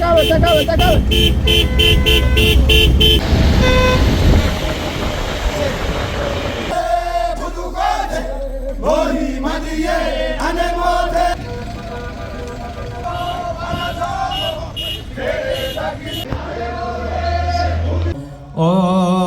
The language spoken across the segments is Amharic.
তাকাবে তাকাবে তাকাবে Oh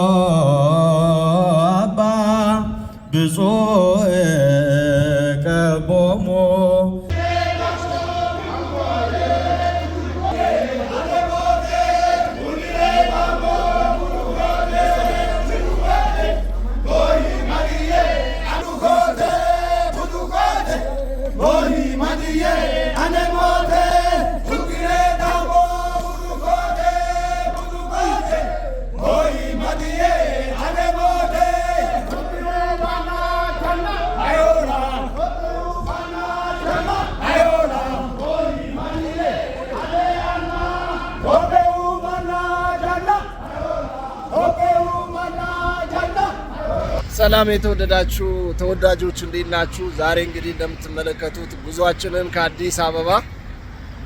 ሰላም የተወደዳችሁ ተወዳጆች እንዴት ናችሁ? ዛሬ እንግዲህ እንደምትመለከቱት ጉዟችንን ከአዲስ አበባ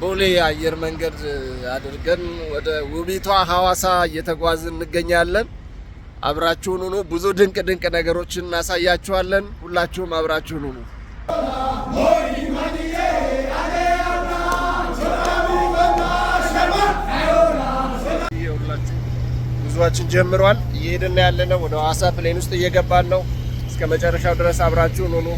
ቦሌ አየር መንገድ አድርገን ወደ ውቢቷ ሀዋሳ እየተጓዝ እንገኛለን። አብራችሁን ሁኑ። ብዙ ድንቅ ድንቅ ነገሮችን እናሳያችኋለን። ሁላችሁም አብራችሁን ሁኑ። ሁላችሁ ጉዟችን ጀምሯል። እየሄድን ያለ ነው። ወደ ሐዋሳ ፕሌን ውስጥ እየገባን ነው። እስከ መጨረሻው ድረስ አብራችሁን ሁኑ።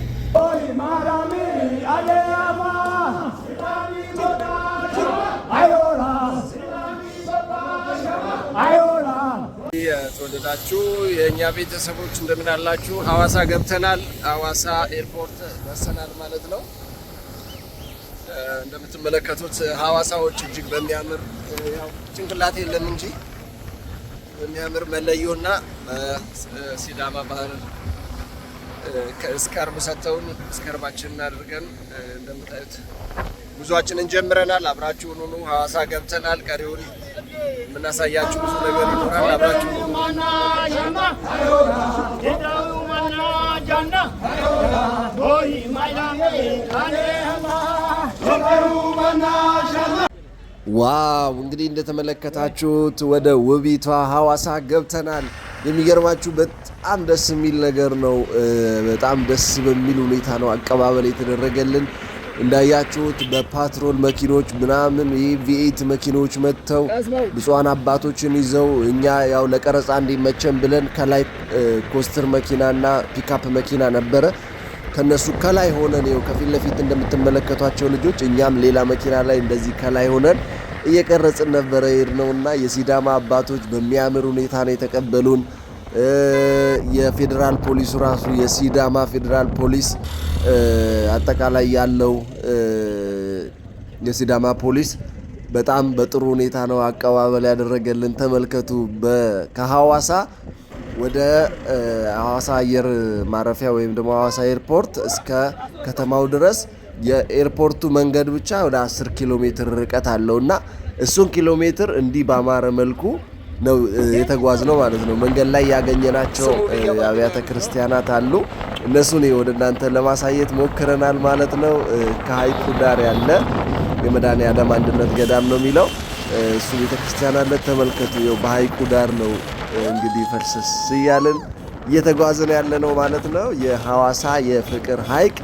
የተወደዳችሁ የእኛ ቤተሰቦች እንደምን አላችሁ? ሐዋሳ ገብተናል። ሀዋሳ ኤርፖርት ደርሰናል ማለት ነው። እንደምትመለከቱት ሀዋሳዎች እጅግ በሚያምር ጭንቅላት የለም እንጂ የሚያምር እና ሲዳማ ባህል እስከርብ ሰጥተውን እስከርባችንን አድርገን እንደምታዩት ጉዟችንን ጀምረናል። አብራችሁን ሁኑ። ሀዋሳ ገብተናል። ቀሪውን የምናሳያችሁ ብዙ ነገር ይኖራል። አብራችሁን ሁኑ። ዋው እንግዲህ እንደተመለከታችሁት ወደ ውቢቷ ሀዋሳ ገብተናል። የሚገርማችሁ በጣም ደስ የሚል ነገር ነው። በጣም ደስ በሚል ሁኔታ ነው አቀባበል የተደረገልን። እንዳያችሁት በፓትሮል መኪኖች ምናምን የቪኤት መኪኖች መጥተው ብፁዓን አባቶችን ይዘው እኛ ያው ለቀረጻ እንዲመቸን ብለን ከላይ ኮስተር መኪናና ፒካፕ መኪና ነበረ ከነሱ ከላይ ሆነን ይኸው ከፊት ለፊት እንደምትመለከቷቸው ልጆች እኛም ሌላ መኪና ላይ እንደዚህ ከላይ ሆነን እየቀረጽን ነበረ ነውና የሲዳማ አባቶች በሚያምር ሁኔታ ነው የተቀበሉን። የፌዴራል ፖሊሱ ራሱ የሲዳማ ፌዴራል ፖሊስ አጠቃላይ ያለው የሲዳማ ፖሊስ በጣም በጥሩ ሁኔታ ነው አቀባበል ያደረገልን። ተመልከቱ ከሀዋሳ ወደ ሀዋሳ አየር ማረፊያ ወይም ደግሞ ሐዋሳ ኤርፖርት እስከ ከተማው ድረስ የኤርፖርቱ መንገድ ብቻ ወደ 10 ኪሎ ሜትር ርቀት እና እሱን ኪሎ ሜትር እንዲህ ባማረ መልኩ ነው የተጓዝ ነው ማለት ነው። መንገድ ላይ ያገኘናቸው አብያተ ክርስቲያናት አሉ። እነሱን ወደ እናንተ ለማሳየት ሞክረናል ማለት ነው። ከሀይቁ ዳር ያለ የመድኃኔዓለም አንድነት ገዳም ነው የሚለው እሱ ቤተክርስቲያን አለ። ተመልከቱ፣ ይኸው በሐይቁ ዳር ነው እንግዲህ ፈልሰስ እያልን እየተጓዝን ያለ ነው ማለት ነው። የሐዋሳ የፍቅር ሀይቅ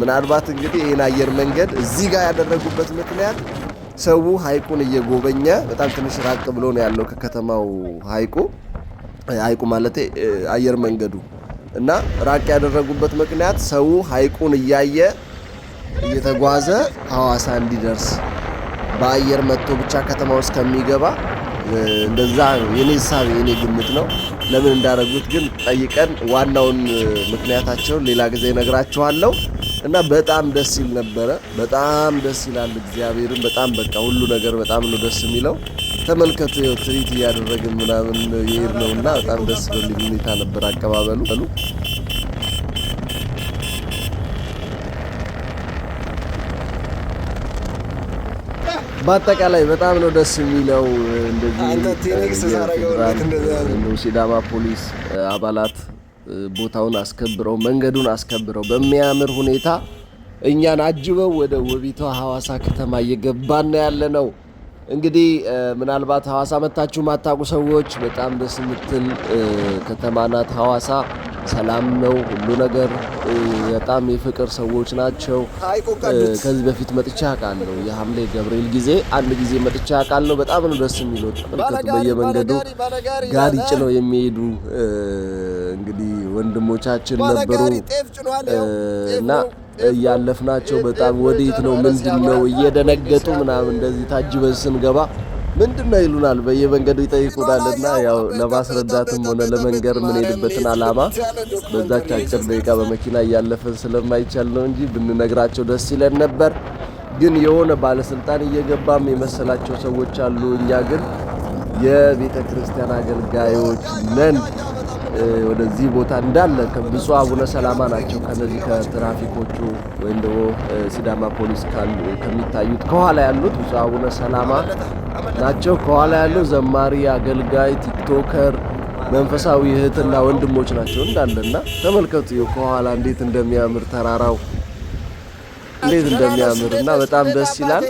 ምናልባት እንግዲህ ይህን አየር መንገድ እዚህ ጋር ያደረጉበት ምክንያት ሰው ሀይቁን እየጎበኘ በጣም ትንሽ ራቅ ብሎ ነው ያለው ከከተማው ሐይቁ ሐይቁ ማለት አየር መንገዱ እና ራቅ ያደረጉበት ምክንያት ሰው ሀይቁን እያየ እየተጓዘ ሐዋሳ እንዲደርስ በአየር መጥቶ ብቻ ከተማ ውስጥ ከሚገባ እንደዛ ነው የኔ ሳቢ የኔ ግምት ነው። ለምን እንዳደረጉት ግን ጠይቀን ዋናውን ምክንያታቸውን ሌላ ጊዜ ነግራችኋለሁ። እና በጣም ደስ ይል ነበረ። በጣም ደስ ይላል። እግዚአብሔርን በጣም በቃ ሁሉ ነገር በጣም ነው ደስ የሚለው። ተመልከቱ፣ ይኸው ትርኢት እያደረግን ምናምን የሄድ ነው እና በጣም ደስ በሚል ሁኔታ ነበር አቀባበሉ። በአጠቃላይ በጣም ነው ደስ የሚለው። እንደዚህ ሲዳማ ፖሊስ አባላት ቦታውን አስከብረው መንገዱን አስከብረው በሚያምር ሁኔታ እኛን አጅበው ወደ ውቢቷ ሀዋሳ ከተማ እየገባን ያለ ነው። እንግዲህ ምናልባት ሀዋሳ መታችሁ ማታውቁ ሰዎች በጣም ደስ የምትል ከተማ ናት ሰላም ነው ሁሉ ነገር። በጣም የፍቅር ሰዎች ናቸው። ከዚህ በፊት መጥቻ አውቃለሁ። የሐምሌ ገብርኤል ጊዜ አንድ ጊዜ መጥቻ አውቃለሁ። በጣም ነው ደስ የሚለው በየመንገዱ ጋሪ ጭነው የሚሄዱ እንግዲህ ወንድሞቻችን ነበሩ እና እያለፍናቸው በጣም ወዴት ነው ምንድን ነው እየደነገጡ ምናምን እንደዚህ ታጅበን ስንገባ ምንድን ነው ይሉናል፣ በየመንገዱ ይጠይቁናልና ያው ለማስረዳትም ሆነ ለመንገር የምንሄድበትን አላማ በዛች አጭር ደቂቃ በመኪና እያለፈን ስለማይቻል ነው እንጂ ብንነግራቸው ደስ ይለን ነበር። ግን የሆነ ባለስልጣን እየገባም የመሰላቸው ሰዎች አሉ። እኛ ግን የቤተ ክርስቲያን አገልጋዮች ነን። ወደዚህ ቦታ እንዳለ ብፁዕ አቡነ ሰላማ ናቸው። ከነዚህ ከትራፊኮቹ ወይም ደግሞ ሲዳማ ፖሊስ ከሚታዩት ከኋላ ያሉት ብፁዕ አቡነ ሰላማ ናቸው። ከኋላ ያለው ዘማሪ፣ አገልጋይ፣ ቲክቶከር መንፈሳዊ እህትና ወንድሞች ናቸው እንዳለና ተመልከቱ ከኋላ እንዴት እንደሚያምር ተራራው እንዴት እንደሚያምር እና በጣም ደስ ይላል።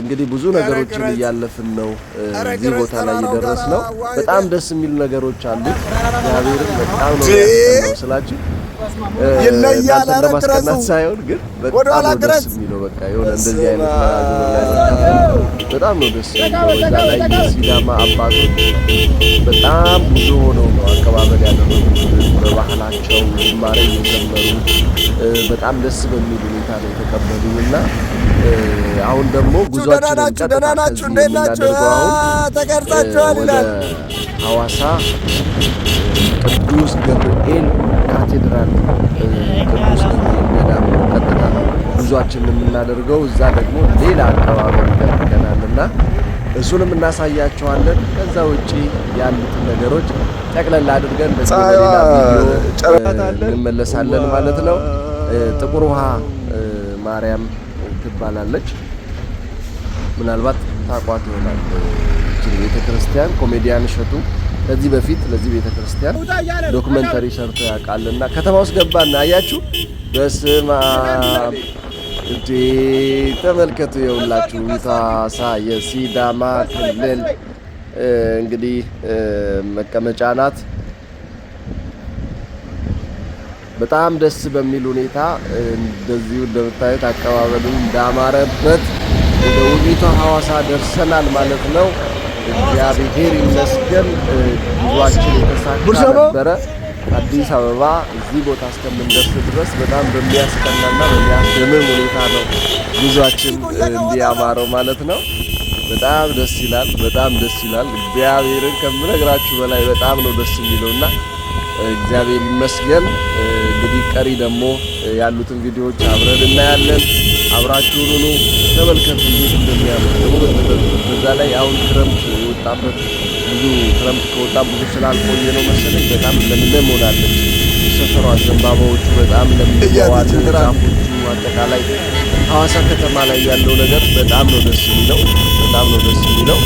እንግዲህ ብዙ ነገሮችን እያለፍን ነው እዚህ ቦታ ላይ እየደረስ ነው። በጣም ደስ የሚሉ ነገሮች አሉ። እግዚአብሔርን በጣም ነው ስላችሁ እናንተን ለማስቀናት ሳይሆን ግን በጣም ነው ደስ የሚለው። በቃ የሆነ እንደዚህ አይነት በጣም ነው ደስ የሚለው። ላይ ሲዳማ አባቶች በጣም ብዙ ሆነው ነው አቀባበል ያደረጉት። በባህላቸው ዝማሬ እየዘመሩ በጣም ደስ በሚል ሁኔታ ነው የተቀበሉ እና አሁን ደግሞ ጉዟችንን ቀጥታችሁ እናደርገው አሁን ወደ ሐዋሳ ቅዱስ ገብርኤል ካቴድራል ቅዱስ ገብርኤል ገዳም ቀጥታ ጉዟችን የምናደርገው እዛ ደግሞ ሌላ አቀባበል ይጠብቀናል እና እሱንም እናሳያቸዋለን። ከዛ ውጪ ያሉትን ነገሮች ጠቅለል አድርገን እንመለሳለን ማለት ነው። ጥቁር ውሃ ማርያም ትባላለች። ምናልባት ታቋት ይሆናል ቤተ ክርስቲያን። ኮሜዲያን እሸቱ ከዚህ በፊት ለዚህ ቤተ ክርስቲያን ዶክመንተሪ ሰርቶ ያውቃልና ከተማ ውስጥ ገባና አያችሁ። በስማ እንዴ ተመልከቱ። የሁላችሁ ሐዋሳ የሲዳማ ክልል እንግዲህ መቀመጫ ናት። በጣም ደስ በሚል ሁኔታ እንደዚሁ እንደምታዩት አቀባበሉ እንዳማረበት ወደ ውቢቷ ሀዋሳ ደርሰናል ማለት ነው። እግዚአብሔር ይመስገን ጉዟችን የተሳካ ነበረ። አዲስ አበባ እዚህ ቦታ እስከምንደርስ ድረስ በጣም በሚያስቀናና በሚያስደምም ሁኔታ ነው ጉዟችን እንዲያማረው ማለት ነው። በጣም ደስ ይላል። በጣም ደስ ይላል። እግዚአብሔርን ከምነግራችሁ በላይ በጣም ነው ደስ የሚለውና እግዚአብሔር ይመስገን። እንግዲህ ቀሪ ደግሞ ያሉትን ቪዲዮዎች አብረን እናያለን። አብራችሁን ሁኑ። ተመልከቱ እንደሚያምር በዛ ላይ አሁን ክረምት የወጣበት ብዙ ክረምት ከወጣ ብዙ ስላልቆየ ነው መሰለኝ በጣም ለምለም ሆናለች ሰፈሯ። ዘንባባዎቹ በጣም ለምለዋል። ዛፎቹ፣ አጠቃላይ ሐዋሳ ከተማ ላይ ያለው ነገር በጣም ነው ደስ የሚለው፣ በጣም ነው ደስ የሚለው።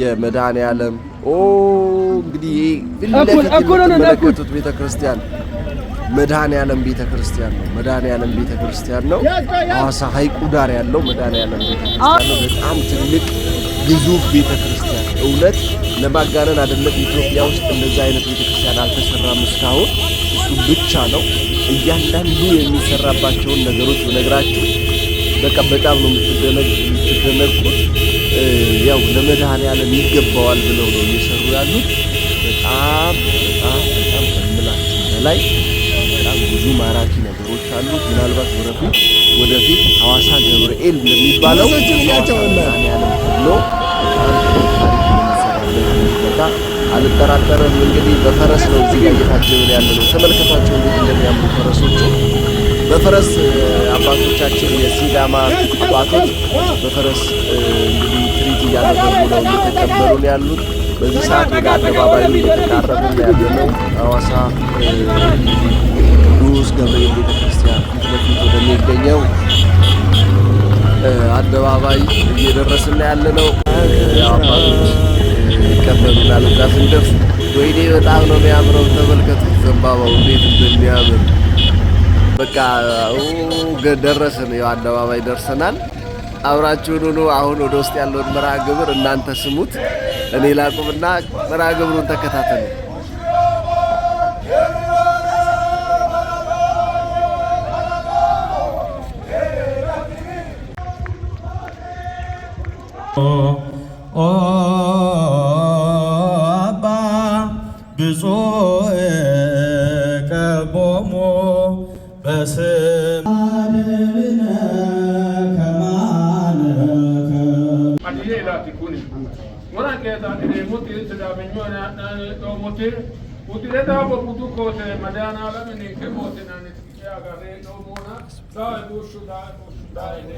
የመድኃኔዓለም ኦ እንግዲህ ቤተ ክርስቲያን የምትመለከቱት ቤተክርስቲያን ቤተ ክርስቲያን ነው። ቤተ ክርስቲያን ነው። ሐዋሳ ሐይቁ ዳር ያለው መድኃኔዓለም ቤተክርስቲያን ነው። በጣም ትልቅ ግዙፍ ቤተ ክርስቲያን እውነት ለማጋነን አይደለም። ኢትዮጵያ ውስጥ እንደዚህ አይነት ቤተ ክርስቲያን አልተሰራም እስካሁን። እሱ ብቻ ነው። እያንዳንዱ የሚሰራባቸውን ነገሮች ብነግራችሁ በቃ በጣም ነው የምትደነቁት። ያው ለመድኃኔዓለም ይገባዋል ብለው ነው እየሰሩ ያሉት። በጣም በጣም በጣም ከምላችሁ በላይ በጣም ብዙ ማራኪ ነገሮች አሉት። ምናልባት ወደፊት ወደፊት ሐዋሳ ገብርኤል ለሚባለው ወሎ አልጠራጠርም። እንግዲህ በፈረስ ነው እዚህ ጋር እየታጀብን ያለ ነው። ተመልከቷቸው እንዴት እንደሚያምሩ ፈረሶቹ። በፈረስ አባቶቻችን የሲዳማ አባቶች በፈረስ እንግዲህ ትሪት እያደረጉ ነው፣ እየተቀበሉ ነው ያሉት በዚህ ሰዓት ወደ አደባባዩ እየተቃረቡ ነው ያለ ነው። ሐዋሳ ቅዱስ ገብርኤል ቤተክርስቲያን ፊት ለፊት ወደሚገኘው አደባባይ እየደረስን ነው። አባቶች ይቀበሉናል። እዛ ስንደርስ ወይኔ በጣም ነው የሚያምረው። ተመልከቱ ዘንባባው እንዴት እንደሚያምር በቃ ደረስን። ያው አደባባይ ደርሰናል። አብራችሁን ሆኖ አሁን ወደ ውስጥ ያለውን መርሃ ግብር እናንተ ስሙት፣ እኔ ላቁምና መርሃ ግብሩን ተከታተሉ። ኦ አባ ብፁዕ ቀቦሞ በስም ሞቴ ቴሙና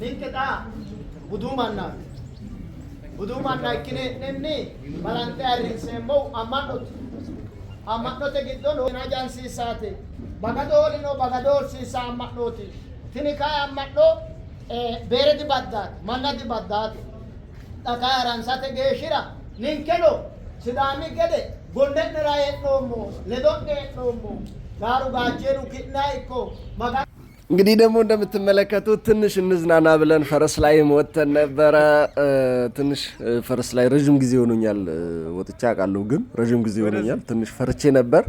ኒንቅጣ ቡዱማና ቡዱማና ኪኔ ኒኒ ባላንቴ አሪንሴምበው አማኖት አማኖቴ ጊዶን ናጃንሲሳቴ ባጋዶሪኖ ባጋዶርሲሳ አማኖቲ ትኒካይ አማኖ beereti baddaate mannati baddaate dhakaa haransate geeshshira ninkeno sidaami gede gonde'nera heedhoommo ledo'ne heedhoommo ጋሩ ጋጀሩ ኪድና እኮ ማጋ እንግዲህ ደግሞ እንደምትመለከቱት ትንሽ እንዝናና ብለን ፈረስ ላይ ወጥተን ነበረ። ትንሽ ፈረስ ላይ ረዥም ጊዜ ሆኖኛል ወጥቼ አውቃለሁ፣ ግን ረዥም ጊዜ ሆኖኛል። ትንሽ ፈርቼ ነበር።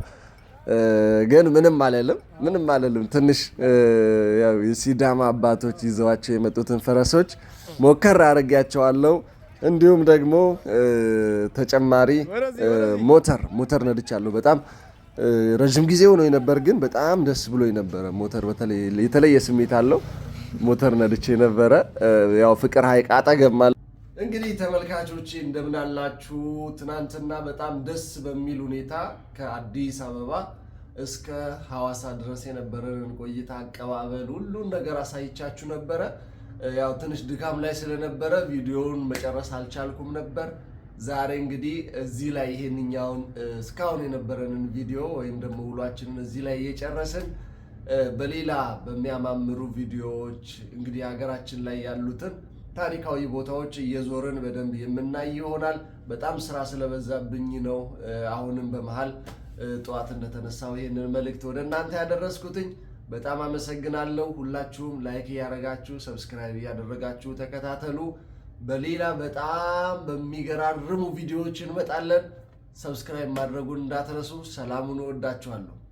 ግን ምንም አለልም፣ ምንም አለልም። ትንሽ የሲዳማ አባቶች ይዘዋቸው የመጡትን ፈረሶች ሞከር አድርጌያቸዋለሁ። እንዲሁም ደግሞ ተጨማሪ ሞተር ሞተር ነድቻለሁ። በጣም ረዥም ጊዜ ሆኖ ነበር፣ ግን በጣም ደስ ብሎ ነበረ። ሞተር የተለየ ስሜት አለው። ሞተር ነድቼ ነበረ። ያው ፍቅር ሀይቅ አጠገብ እንግዲህ ተመልካቾቼ እንደምን አላችሁ? ትናንትና በጣም ደስ በሚል ሁኔታ ከአዲስ አበባ እስከ ሐዋሳ ድረስ የነበረንን ቆይታ፣ አቀባበል፣ ሁሉን ነገር አሳይቻችሁ ነበረ። ያው ትንሽ ድካም ላይ ስለነበረ ቪዲዮውን መጨረስ አልቻልኩም ነበር። ዛሬ እንግዲህ እዚህ ላይ ይሄንኛውን እስካሁን የነበረንን ቪዲዮ ወይም ደግሞ ውሏችንን እዚህ ላይ እየጨረስን በሌላ በሚያማምሩ ቪዲዮዎች እንግዲህ ሀገራችን ላይ ያሉትን ታሪካዊ ቦታዎች እየዞርን በደንብ የምናይ ይሆናል። በጣም ስራ ስለበዛብኝ ነው። አሁንም በመሀል ጠዋት እንደተነሳው ይህንን መልእክት ወደ እናንተ ያደረስኩትኝ። በጣም አመሰግናለሁ። ሁላችሁም ላይክ እያደረጋችሁ ሰብስክራይብ እያደረጋችሁ ተከታተሉ። በሌላ በጣም በሚገራርሙ ቪዲዮዎች እንመጣለን። ሰብስክራይብ ማድረጉን እንዳትረሱ። ሰላሙን እወዳችኋለሁ።